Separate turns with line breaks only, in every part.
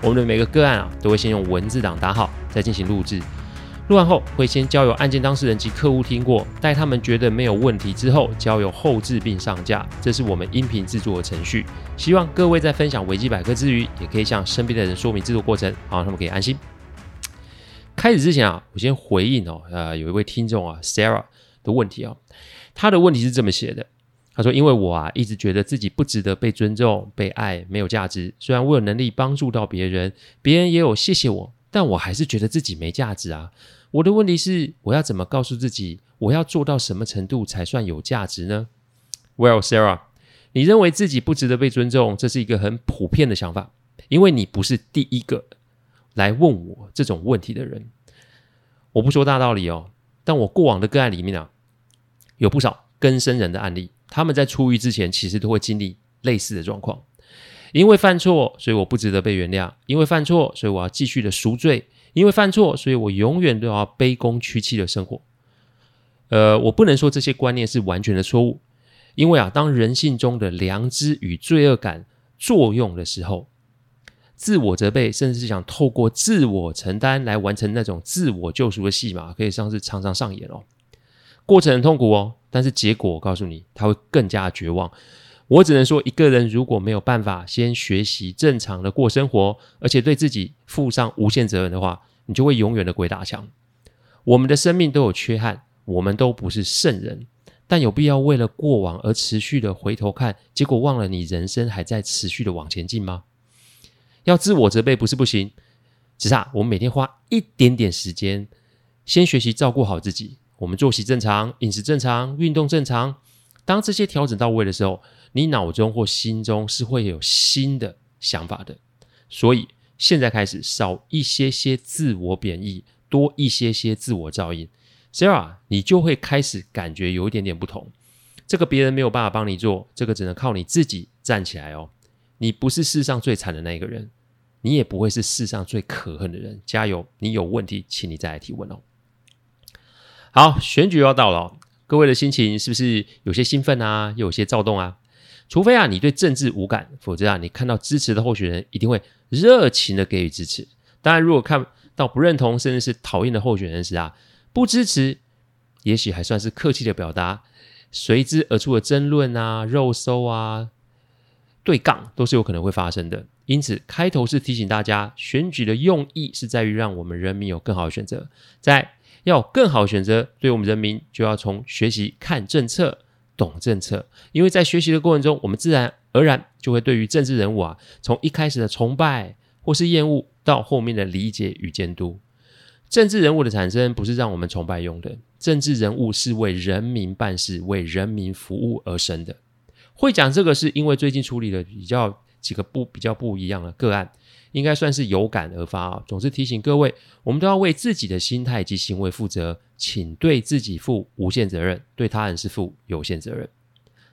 我們的每個個案啊，都會先用文字檔打好，再進行錄制。錄完後，會先交由案件當事人及客戶聽過，待他們覺得沒有問題之後，交由後制並上架。這是我們音頻制作的程序。希望各位在分享危機百科之餘，也可以向身邊的人說明制作過程，好，啊，讓他們可以安心。開始之前啊，我先回應哦，呃，有一位聽眾啊，Sarah 的問題哦，他的問題是這麼寫的。他說：“因為我啊，一直覺得自己不值得被尊重、被愛，沒有價值。雖然我有能力幫助到別人，別人也有謝謝我，但我還是覺得自己沒價值啊。我的問題是，我要怎麼告訴自己？我要做到什麼程度才算有價值呢？”Well, Sarah，你認為自己不值得被尊重，這是一個很普遍的想法，因為你不是第一個來問我這種問題的人。我不說大道理哦，但我過往的個案裡面啊，有不少更生人的案例。他們在出獄之前，其實都會經歷類似的狀況。因為犯錯，所以我不值得被原諒；因為犯錯，所以我要繼續的贖罪；因為犯錯，所以我永遠都要卑躬屈膝的生活。呃，我不能說這些觀念是完全的錯誤，因為啊，當人性中的良知與罪惡感作用的時候，自我責備，甚至是想透過自我承擔來完成那種自我救贖的戲碼，可以像是常常上演哦。過程很痛苦哦，但是結果我告訴你，他會更加絕望。我只能說，一個人如果沒有辦法先學習正常的過生活，而且對自己負上無限責任的話，你就會永遠的鬼打牆。我們的生命都有缺憾，我們都不是聖人，但有必要為了過往而持續的回頭看，結果忘了你人生還在持續的往前進嗎？要自我責備不是不行，只是啊，我們每天花一點點時間，先學習照顧好自己。我們作息正常，飲食正常，運動正常。當這些調整到位的時候，你腦中或心中是會有新的想法的。所以現在開始，少一些些自我貶抑，多一些些自我噪音，Sarah，你就會開始感覺有一點點不同。這個別人沒有辦法幫你做，這個只能靠你自己站起來哦。你不是世上最慘的那個人，你也不會是世上最可恨的人。加油！你有問題，請你再來提問哦。好，選舉要到了哦，各位的心情是不是有些興奮啊？又有些躁動啊？除非啊，你對政治無感，否則啊，你看到支持的候選人，一定會熱情的給予支持。當然，如果看到不認同甚至是討厭的候選人時啊，不支持，也許還算是客氣的表達。隨之而出的爭論啊、肉搜啊、對槓，都是有可能會發生的。因此，開頭是提醒大家，選舉的用意是在於讓我們人民有更好的選擇，在。要更好選擇，對我們人民就要從學習看政策、懂政策。因為在學習的過程中，我們自然而然就會對於政治人物啊，從一開始的崇拜或是厭惡，到後面的理解與監督。政治人物的產生不是讓我們崇拜用的，政治人物是為人民辦事、為人民服務而生的。會講這個是因為最近處理了比較幾個不比較不一樣的個案。應該算是有感而發啊、哦！總是提醒各位，我們都要為自己的心態及行為負責，請對自己負無限責任，對他人是負有限責任。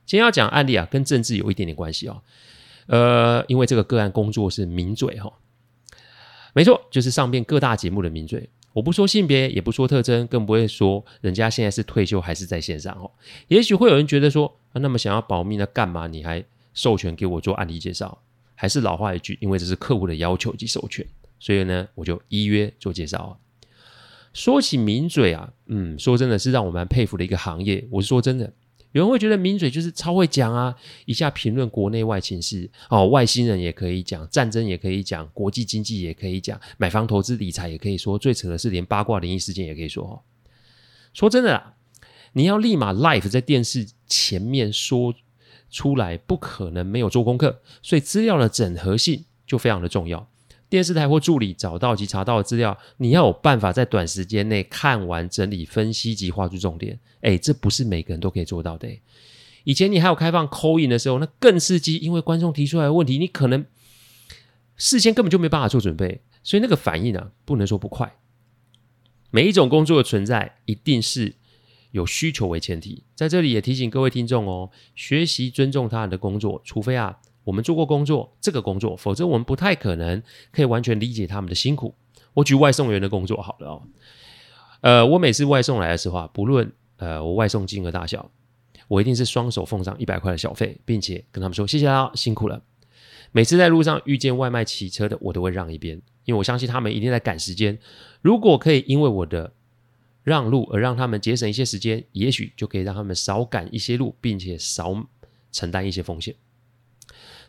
今天要講案例啊，跟政治有一點點關係哦。呃，因為這個個案工作是名嘴哈、哦，沒錯，就是上面各大節目的名嘴。我不說性別，也不說特徵，更不會說人家現在是退休還是在線上哦。也許會有人覺得說，啊、那麼想要保密那幹嘛你還授權給我做案例介紹？還是老話一句，因為這是客戶的要求及授權，所以呢，我就依約做介紹啊。說起名嘴啊，嗯，說真的是讓我蠻佩服的一個行業。我是說真的，有人會覺得名嘴就是超會講啊，一下評論國內外情勢哦，外星人也可以講，戰爭也可以講，國際經濟也可以講，買房投資理財也可以說，最扯的是連八卦靈異事件也可以說哦。說真的啦，你要立馬 live 在電視前面說。出來不可能沒有做功課，所以資料的整合性就非常的重要。電視台或助理找到及查到的資料，你要有辦法在短時間內看完整理、分析及畫出重點。哎，這不是每個人都可以做到的。以前你還有開放 call in 的時候，那更刺激，因為觀眾提出來的問題，你可能事先根本就沒辦法做準備，所以那個反應啊，不能說不快。每一種工作的存在，一定是。有需求為前提，在這裡也提醒各位聽眾哦，學習尊重他人的工作，除非啊，我們做過工作，這個工作，否則我們不太可能可以完全理解他們的辛苦。我舉外送員的工作好了哦，呃，我每次外送來的時候，不論，呃，我外送金額大小，我一定是雙手奉上一百塊的小費，並且跟他們說謝謝啦，啊，辛苦了。每次在路上遇見外賣騎車的，我都會讓一邊，因為我相信他們一定在趕時間。如果可以，因為我的。讓路，而讓他們節省一些時間，也許就可以讓他們少趕一些路，並且少承擔一些風險。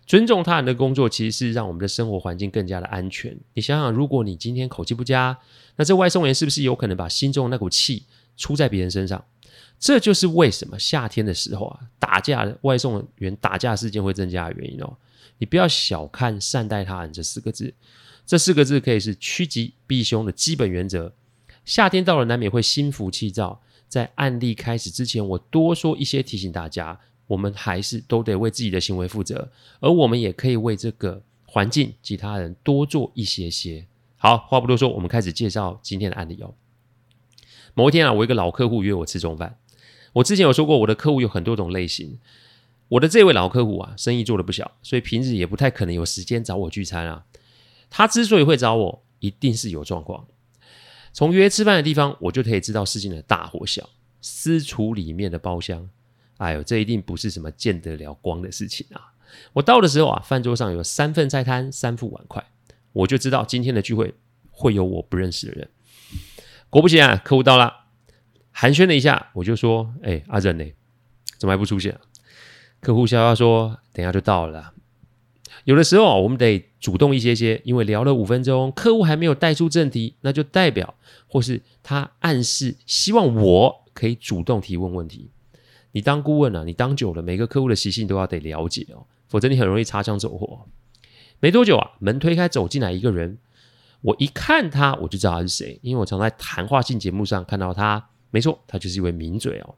尊重他人的工作，其實是讓我們的生活環境更加的安全。你想想，如果你今天口氣不佳，那這外送員是不是有可能把心中的那股氣出在別人身上？這就是為什麼夏天的時候啊，打架、外送員打架事件會增加的原因哦。你不要小看“善待他人”這四個字，這四個字可以是趨吉避凶的基本原則。夏天到了，難免會心浮氣躁。在案例開始之前，我多說一些提醒大家：我們還是都得為自己的行為負責，而我們也可以為這個環境、其他人多做一些些。好，話不多說，我們開始介紹今天的案例哦。某一天啊，我一個老客戶約我吃中飯。我之前有說過，我的客戶有很多種類型。我的這位老客戶啊，生意做得不小，所以平日也不太可能有時間找我聚餐啊。他之所以會找我，一定是有狀況。從約吃飯的地方，我就可以知道事情的大或小。私廚裡面的包廂，哎呦，這一定不是什麼見得了光的事情啊！我到的時候啊，飯桌上有三份菜單、三副碗筷，我就知道今天的聚會會有我不認識的人。果不其然、啊，客戶到了，寒暄了一下，我就說：“哎，阿、啊、仁呢？怎麼還不出現、啊？”客戶笑笑說：“等一下就到了啦。”有的時候啊，我們得主動一些些，因為聊了五分鐘，客戶還沒有帶出正題，那就代表或是他暗示希望我可以主動提問問題。你當顧問啊，你當久了，每個客戶的習性都要得了解哦，否則你很容易擦槍走火。沒多久啊，門推開走進來一個人，我一看他，我就知道他是誰，因為我常在談話性節目上看到他，沒錯，他就是一位名嘴哦。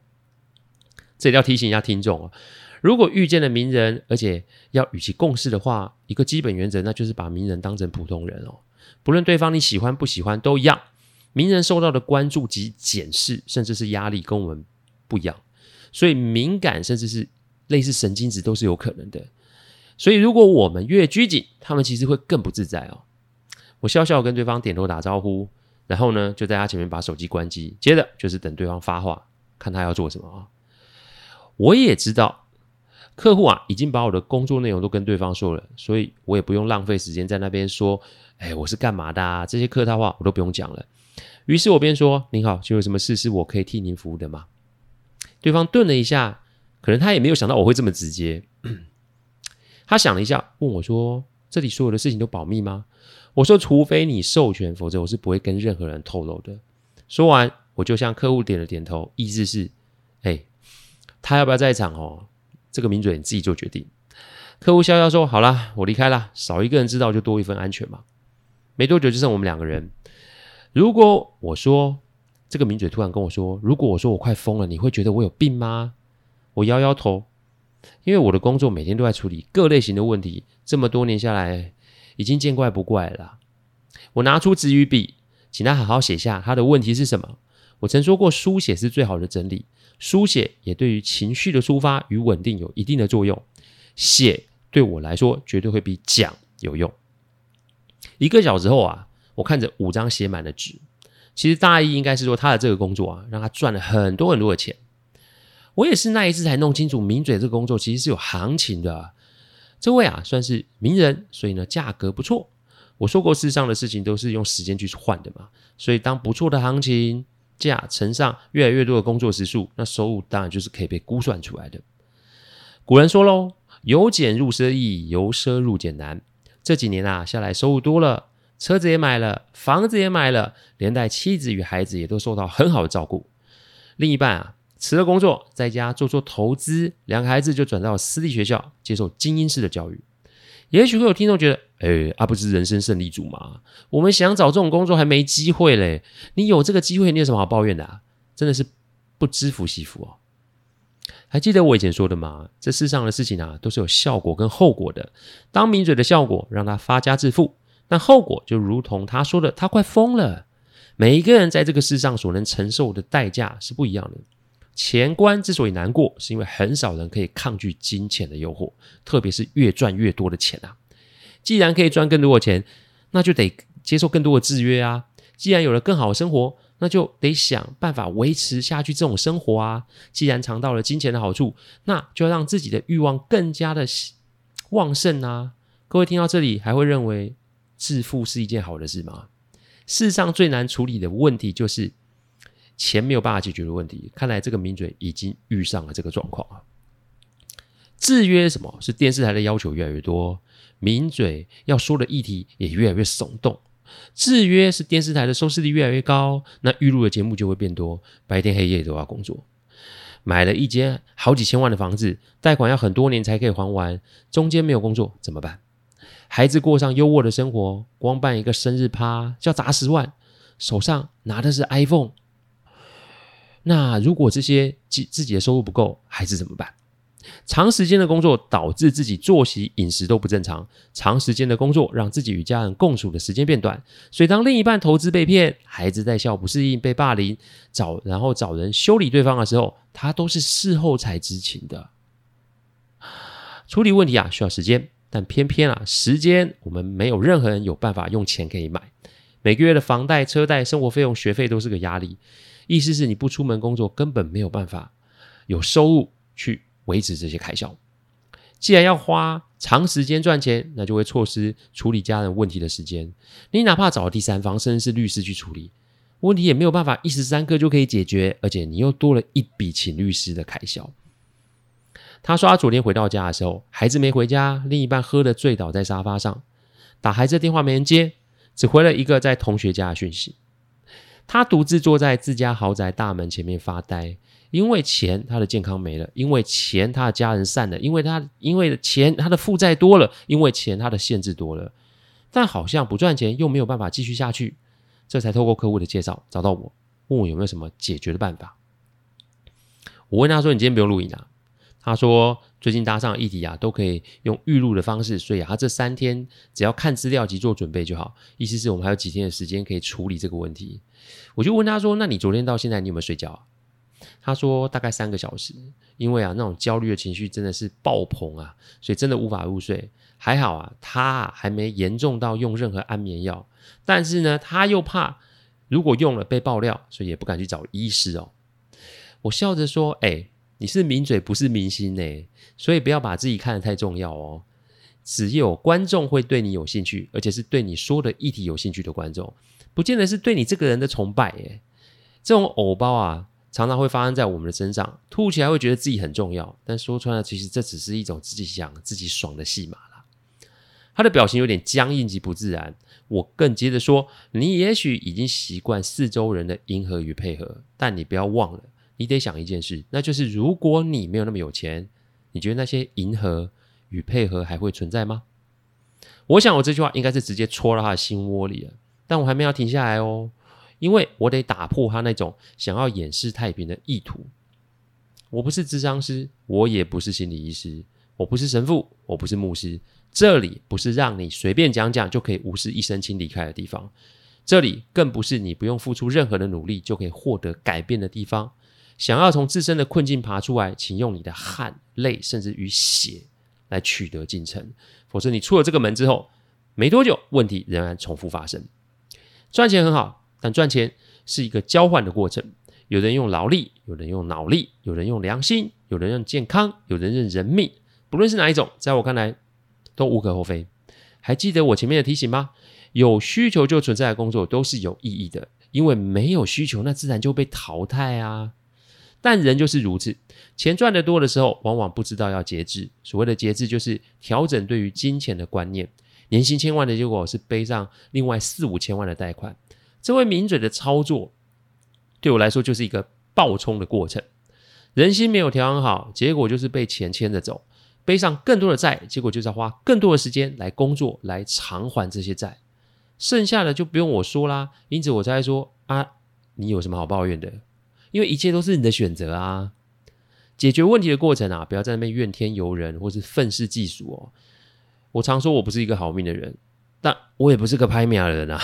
這裡要提醒一下聽眾哦，啊。如果遇見了名人，而且要與其共事的話，一個基本原則，那就是把名人當成普通人哦。不論對方你喜歡不喜歡都一樣。名人受到的關注及檢視，甚至是壓力，跟我們不一樣，所以敏感甚至是類似神經質都是有可能的。所以如果我們越拘謹，他們其實會更不自在哦。我笑笑跟對方點頭打招呼，然後呢，就在他前面把手機關機，接着就是等對方發話，看他要做什麼啊。我也知道。客戶啊，已經把我的工作內容都跟對方說了，所以我也不用浪費時間在那邊說，哎，我是幹嘛的啊？這些客套話我都不用講了。於是我便說：“您好，請有什麼事是我可以替您服務的嗎？”對方頓了一下，可能他也沒有想到我會這麼直接。他想了一下，問我說：“這裡所有的事情都保密嗎？”我說：“除非你授權，否則我是不會跟任何人透露的。”說完，我就向客戶點了點頭，意思是：“哎，他要不要在場哦？”這個名嘴你自己做決定。客戶笑笑說：“好啦，我離開啦，少一個人知道就多一份安全嘛。”沒多久就剩我們兩個人。如果我說這個名嘴突然跟我說：“如果我說我快瘋了，你會覺得我有病嗎？”我搖搖頭，因為我的工作每天都在處理各類型的問題，這麼多年下來已經見怪不怪了。我拿出紙與筆，請他好好寫下他的問題是什麼。我曾說過，書寫是最好的整理，書寫也對於情緒的抒發與穩定有一定的作用。寫對我來說，絕對會比講有用。一個小時後啊，我看着五張寫滿了紙，其實大意應該是說，他的這個工作啊，讓他賺了很多很多的錢。我也是那一次才弄清楚，名嘴這個工作其實是有行情的。這位啊，算是名人，所以呢，價格不錯。我說過，世上的事情都是用時間去換的嘛，所以當不錯的行情，價乘上越來越多的工作時數，那收入當然就是可以被估算出來的。古人說嘍：“由儉入奢易，由奢入儉難。”這幾年啊下來，收入多了，車子也買了，房子也買了，連帶妻子與孩子也都受到很好的照顧。另一半啊辭了工作，在家做做投資，兩個孩子就轉到私立學校接受精英式的教育。也許會有聽眾覺得。哎，阿、啊、不是人生勝利組嘛？我們想找這種工作還沒機會嘞。你有這個機會，你有什麼好抱怨的、啊？真的是不知福惜福哦。還記得我以前說的嗎？這世上的事情啊，都是有效果跟後果的。當名嘴的效果讓他發家致富，但後果就如同他說的，他快瘋了。每一個人在這個世上所能承受的代價是不一樣的。錢關之所以難過，是因為很少人可以抗拒金錢的誘惑，特別是越賺越多的錢啊。既然可以賺更多的錢，那就得接受更多的制約啊！既然有了更好的生活，那就得想辦法維持下去這種生活啊！既然嘗到了金錢的好處，那就讓自己的欲望更加的旺盛啊！各位聽到這裡還會認為致富是一件好的事嗎？世上最難處理的問題就是錢沒有辦法解決的問題。看來這個名嘴已經遇上了這個狀況啊！制約什麼？是電視台的要求越來越多。名嘴要說的議題也越來越聳動，制約是電視台的收視率越來越高，那預錄的節目就會變多，白天黑夜都要工作。買了一間好幾千萬的房子，貸款要很多年才可以還完，中間沒有工作怎麼辦？孩子過上優渥的生活，光辦一個生日趴就要砸十萬，手上拿的是 iPhone。那如果這些自自己的收入不夠，孩子怎麼辦？長時間的工作導致自己作息、飲食都不正常。長時間的工作讓自己與家人共處的時間變短。所以，當另一半投資被騙、孩子在校不適應、被霸凌，找然後找人修理對方的時候，他都是事後才知情的。處理問題啊，需要時間，但偏偏啊，時間我們沒有任何人有辦法用錢可以買。每個月的房貸、車貸、生活費用、學費都是個壓力。意思是你不出門工作，根本沒有辦法有收入去。維持這些開銷，既然要花長時間賺錢，那就會錯失處理家人問題的時間。你哪怕找第三方，甚至是律師去處理問題，也沒有辦法一時三刻就可以解決，而且你又多了一筆請律師的開銷。他說，他昨天回到家的時候，孩子沒回家，另一半喝得醉倒在沙發上，打孩子電話沒人接，只回了一個在同學家的訊息。他獨自坐在自家豪宅大門前面發呆。因為錢，他的健康沒了；因為錢，他的家人散了；因為他，因為錢，他的負債多了；因為錢，他的限制多了。但好像不賺錢又沒有辦法繼續下去，這才透過客戶的介紹找到我，問我有沒有什麼解決的辦法。我問他說：“你今天不用錄影啊？”他說：“最近搭上議題啊，都可以用預錄的方式，所以啊，他這三天只要看資料及做準備就好。意思是我們還有幾天的時間可以處理這個問題。”我就問他說：“那你昨天到現在你有沒有睡覺啊？”他說，大概三個小時，因為啊那種焦慮的情緒真的是爆棚啊，所以真的無法入睡。還好啊，他啊還沒嚴重到用任何安眠藥，但是呢他又怕如果用了被爆料，所以也不敢去找醫師哦。我笑着說：“誒、欸，你是名嘴不是明星呢，所以不要把自己看得太重要哦。只有觀眾會對你有興趣，而且是對你說的議題有興趣的觀眾，不見得是對你這個人的崇拜。誒，這種偶包啊。”常常會發生在我們的身上，吐起來會覺得自己很重要，但說穿了，其實這只是一種自己想自己爽的戲碼啦。他的表情有點僵硬及不自然，我更接着說：“你也許已經習慣四周人的迎合與配合，但你不要忘了，你得想一件事，那就是如果你沒有那麼有錢，你覺得那些迎合與配合還會存在嗎？”我想我這句話應該是直接戳到他的心窩裡了，但我還沒有停下來哦。因為我得打破他那種想要掩飾太平的意圖。我不是諮商師，我也不是心理醫師，我不是神父，我不是牧師。這裡不是讓你隨便講講就可以無事一身輕離開的地方，這裡更不是你不用付出任何的努力就可以獲得改變的地方。想要從自身的困境爬出來，請用你的汗、淚，甚至於血來取得進程。否則，你出了這個門之後，沒多久問題仍然重複發生。賺錢很好。但賺錢是一個交換的過程，有人用勞力，有人用腦力，有人用良心，有人用健康，有人用人命。不論是哪一種，在我看來都無可厚非。還記得我前面的提醒嗎？有需求就存在的工作都是有意義的，因為沒有需求，那自然就被淘汰啊。但人就是如此，錢賺得多的時候，往往不知道要節制。所謂的節制，就是調整對於金錢的觀念。年薪千萬的結果是背上另外四五千萬的貸款。這位名嘴的操作，對我來說就是一個暴衝的過程。人心沒有調養好，結果就是被錢牽着走，背上更多的債。結果就是要花更多的時間來工作來償還這些債，剩下的就不用我說啦。因此，我才說：啊，你有什麼好抱怨的？因為一切都是你的選擇啊！解決問題的過程啊，不要在那邊怨天尤人或是憤世嫉俗哦。我常說，我不是一個好命的人，但我也不是個拍馬的人啊。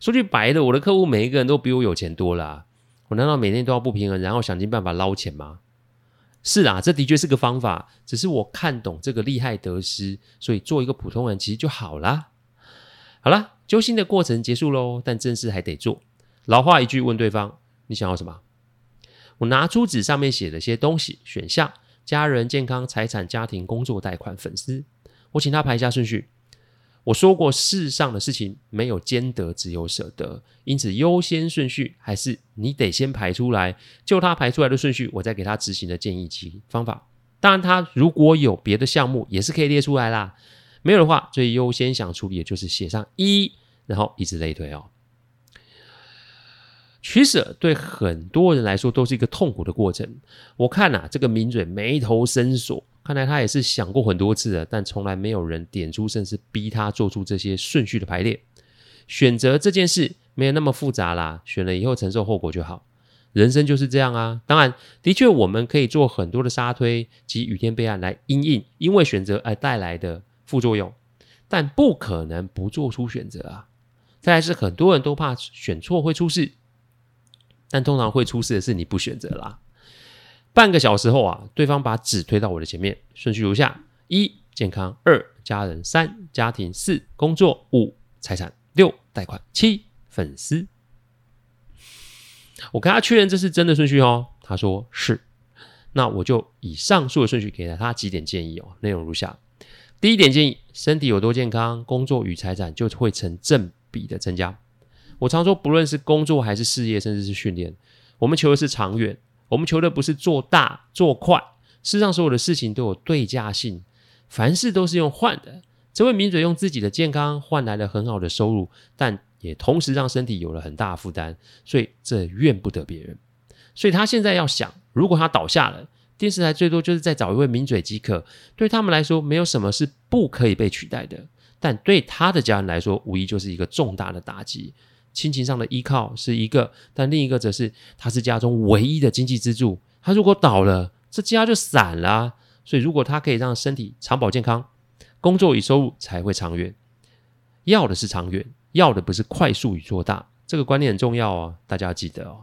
說句白的，我的客戶每一個人都比我有錢多啦啊。我難道每天都要不平衡，然後想盡辦法撈錢嗎？是啊，這的確是個方法，只是我看懂這個利害得失，所以做一個普通人其實就好啦。好啦，揪心的過程結束嘍，但正事還得做。老話一句，問對方你想要什麼？我拿出紙上面寫了些東西，選項：家人、健康、財產、家庭、工作、貸款、粉絲。我請他排一下順序。我說過，世上的事情沒有兼得，只有捨得。因此，優先順序還是你得先排出來，就他排出來的順序，我再給他執行的建議及方法。當然，他如果有別的項目，也是可以列出來啦。沒有的話，最優先想處理的就是寫上一，然後以此類推哦。取捨對很多人來說都是一個痛苦的過程。我看吶、啊，這個名嘴眉頭深鎖。看來他也是想過很多次的，但從來沒有人點出，甚至逼他做出這些順序的排列。選擇這件事沒有那麼複雜啦，選了以後承受後果就好。人生就是這樣啊。當然，的確我們可以做很多的沙推及雨天備案來因應因為選擇而帶來的副作用，但不可能不做出選擇啊。再來是很多人都怕選錯會出事，但通常會出事的是你不選擇啦。半個小時後啊，對方把紙推到我的前面，順序如下：一、健康；二、家人；三、家庭；四、工作；五、財產；六、貸款；七、粉絲。我跟他確認這是真的順序哦，他說是。那我就以上述的順序給了他幾點建議哦，內容如下：第一點建議，身體有多健康，工作與財產就會成正比的增加。我常說，不論是工作還是事業，甚至是訓練，我們求的是長遠。我們求的不是做大做快，事實上，所有的事情都有對價性，凡事都是用換的。這位名嘴用自己的健康換來了很好的收入，但也同時讓身體有了很大的負擔，所以這怨不得別人。所以他現在要想，如果他倒下了，電視台最多就是再找一位名嘴即可。對他們來說，沒有什麼是不可以被取代的，但對他的家人來說，無疑就是一個重大的打擊。親情上的依靠，是一個，但另一個則是他是家中唯一的經濟支柱。他如果倒了，這家就散了啊。所以，如果他可以讓身體長保健康，工作與收入才會長遠。要的是長遠，要的不是快速與做大。這個觀念很重要哦，大家要記得哦。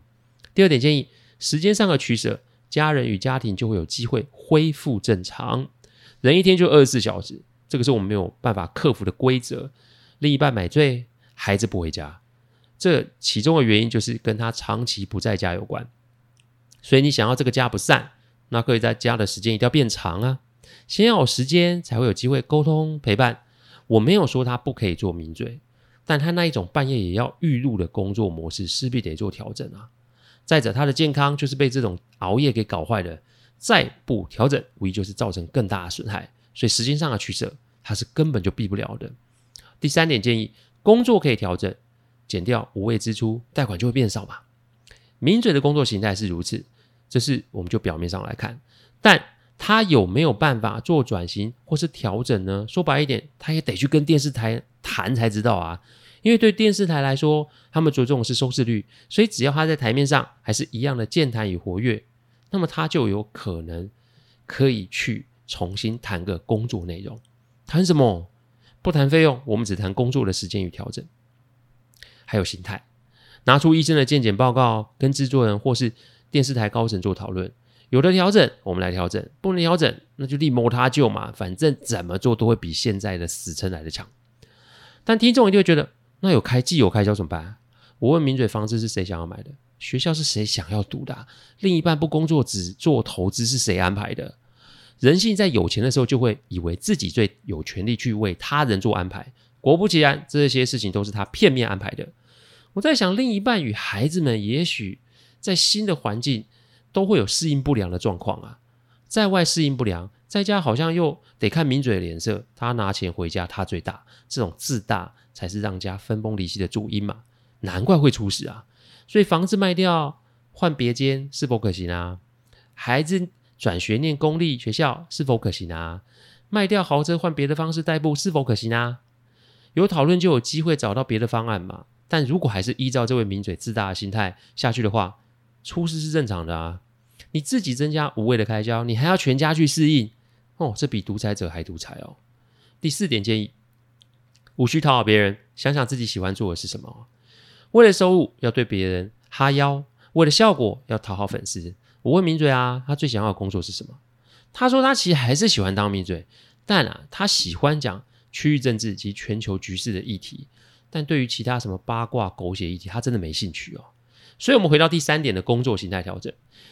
第二點建議：時間上的取舍，家人與家庭就會有機會恢復正常。人一天就二十四小時，這個是我們沒有辦法克服的規則。另一半買醉，孩子不回家。這其中的原因就是跟他長期不在家有關，所以你想要這個家不散，那各位在家的時間一定要變長啊！先要有時間，才會有機會溝通陪伴。我沒有說他不可以做名嘴，但他那一種半夜也要預錄的工作模式，勢必得做調整啊！再者，他的健康就是被這種熬夜給搞壞的，再不調整，無疑就是造成更大的損害。所以時間上的取舍，他是根本就避不了的。第三點建議：工作可以調整。減掉無謂支出，貸款就會變少吧？名嘴的工作形態是如此，這是我們就表面上來看，但他有沒有辦法做轉型或是調整呢？說白一點，他也得去跟電視台談才知道啊。因為對電視台來說，他們着重的是收視率，所以只要他在台面上還是一樣的健談與活躍，那麼他就有可能可以去重新談個工作內容。談什麼？不談費用，我們只談工作的時間與調整。還有心態，拿出醫生的健檢報告，跟製作人或是電視台高層做討論，有的調整我們來調整，不能調整，那就另謀他就嘛，反正怎麼做都會比現在的死撐來得強。但聽眾一定會覺得，那有開既有開銷怎麼辦、啊？我問名嘴房子是誰想要買的？學校是誰想要讀的、啊？另一半不工作只做投資是誰安排的？人性在有錢的時候，就會以為自己最有權利去為他人做安排，果不其然，這些事情都是他片面安排的。我在想，另一半與孩子們也許在新的環境都會有適應不良的狀況啊。在外適應不良，在家好像又得看名嘴的臉色，他拿錢回家，他最大，這種自大才是讓家分崩離析的主因嘛。難怪會出事啊！所以房子賣掉換別間是否可行啊？孩子轉學念公立學校是否可行啊？賣掉豪車換別的方式代步是否可行啊？有討論就有機會找到別的方案嘛。但如果還是依照這位名嘴自大的心態下去的話，出事是正常的啊！你自己增加無謂的開銷，你還要全家去適應哦，這比獨裁者還獨裁哦。第四點建議，無需討好別人，想想自己喜歡做的是什麼。為了收入，要對別人哈腰；為了效果，要討好粉絲。我問名嘴啊，他最想要的工作是什麼？他說他其實還是喜歡當名嘴，但啊，他喜歡講區域政治及全球局勢的議題。但對於其他什麼八卦、狗血議題，他真的沒興趣哦。所以，我們回到第三點的工作形態調整，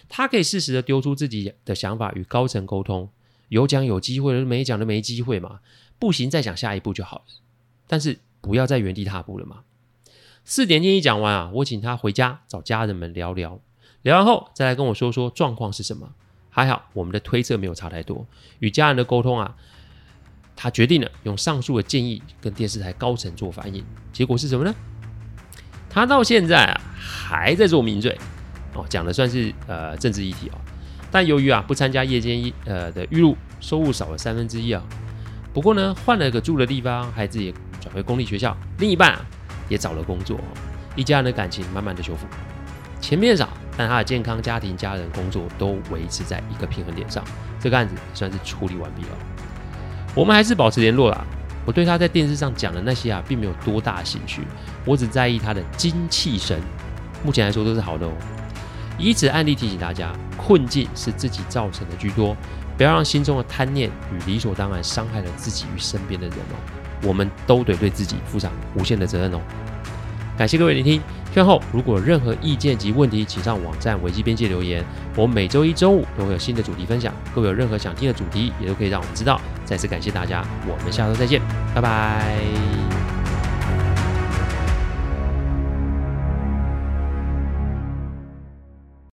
他可以適時的丟出自己的想法與高層溝通，有講有機會，沒講都沒機會嘛。不行，再想下一步就好了。但是不要再原地踏步了嘛。四點建議講完啊，我請他回家找家人們聊聊，聊完後再來跟我說說狀況是什麼。還好，我們的推測沒有差太多。與家人的溝通啊。他決定了用上述的建議跟電視台高層做反映，結果是什麼呢？他到現在啊還在做名嘴，哦講的算是呃政治議題哦，但由於啊不參加夜間一呃的預錄收入少了三分之一啊，不過呢換了個住的地方，孩子也轉回公立學校，另一半啊也找了工作，一家人的感情慢慢的修復，錢變少，但他的健康、家庭、家人、工作都維持在一個平衡點上，這個案子算是處理完畢了、哦。我們還是保持聯絡啦。我對他在電視上講的那些啊，並沒有多大興趣。我只在意他的精氣神，目前來說都是好的哦。以此案例提醒大家，困境是自己造成的居多，不要讓心中的貪念與理所當然傷害了自己與身邊的人哦。我們都得對自己負上無限的責任哦。感謝各位聆聽。最後，如果有任何意見及問題，請上網站危機邊界留言。我每周一、周五都會有新的主題分享，各位有任何想聽的主題，也都可以讓我們知道。再次感謝大家，我們下週再見，拜拜。